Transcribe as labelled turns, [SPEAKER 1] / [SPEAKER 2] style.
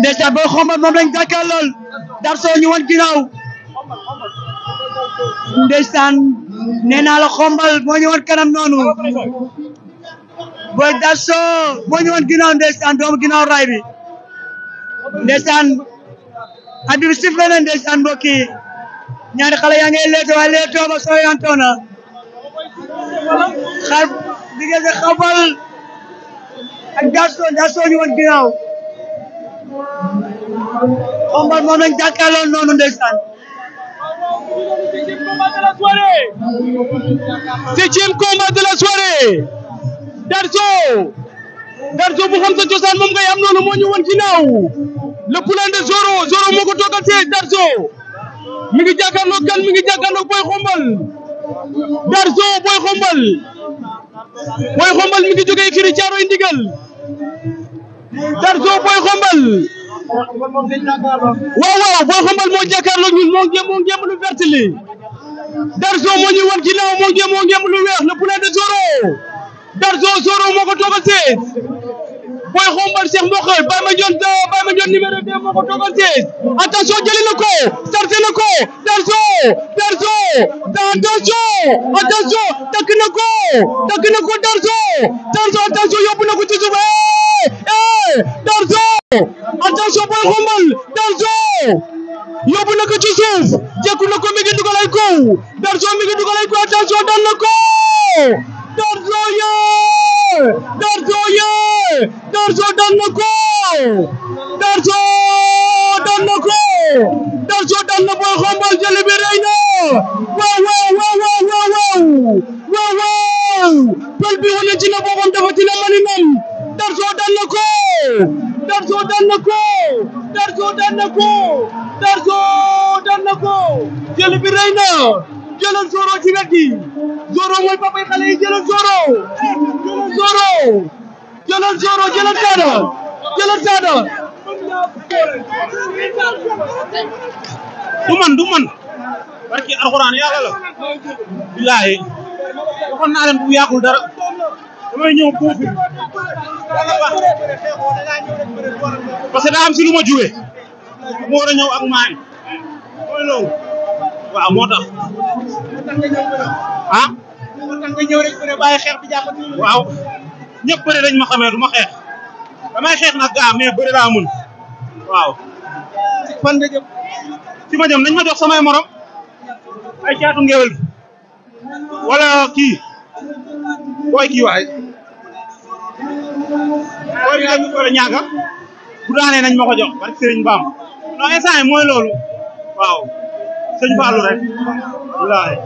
[SPEAKER 1] ndeysaan boo xombal moom lañ
[SPEAKER 2] jàkkaar lool dar ñu woon ginnaaw ndeysaan nee naa la xombal moo ñu woon kanam noonu booy dar moo ñu woon ginnaaw ndeysaan doomu ginnaaw raay bi ndeysaan abi bi sifle na ndeysaan mbokk yi ñaari xale yaa ngi leeto waaye ba soo yantoona xar diggante xabal ak jaasoo jaasoo ñu
[SPEAKER 1] Darso Darso bu xam sa cosaan moom ngay am noonu moo ñu woon ginnaaw le poulain Zoro Zoro moo ko toogal see Darso mi ngi jàkkaarloo kan mi ngi jàkkaarloo Boy Xombal Darso Boy Xombal Boy Xombal mi ngi jógee kiri Caaroy Ndigal Zarko Boy Xombal waaw waaw Xombal moo jàkkaarloo ñun moo ngi moo ngi lu vert li moo ñu wan moo ngi moo ngi lu weex le poulet de Zoro Zarko Zoro moo ko toogatee booy xumbal Cheikh Mbokhol Baye Mandione Baye Mandione numéro 2 moo ko toogal siège attention jëli na ko sarse na ko Darso Darso Darso attention takk na ko ci suuf eh Darso attention booy xumbal Darso yóbbu na ko ci suuf jekku na ko mi ngi dugal ay kaw Darso mi ngi dugal ay kaw attention dal na ko Darso yee Darso daan na ko Darso daan na ko Darso daan na bi rëy na waaw bi wane ci na boppam dafa ci na mani nam Darso daan na ko Darso daan bi rëy na jëlal ci wet gi Zoro mooy papay xale yi jëlal Zoro jëlal Zoro jëlal Zoro jëlal Sada jëlal Sada du man du man
[SPEAKER 2] barki alxuraan yàlla la billaahi
[SPEAKER 1] waxoon naa leen bu yàggul dara
[SPEAKER 2] damay ñëw parce que daam am si lu ma mu war a ñëw maay waaw moo tax ah waaw ñëpp bëri dañ ma du ma xeex damay xeex nag gaa mais bëri laa mun waaw. fan nañ ma jox samay morom ay caatu ngéwél wala kii booy kii waay booy bi dañu ñaaga bu nañ ma ko jox barke sëriñ Baam
[SPEAKER 1] non loolu waaw sëñ Fallou rek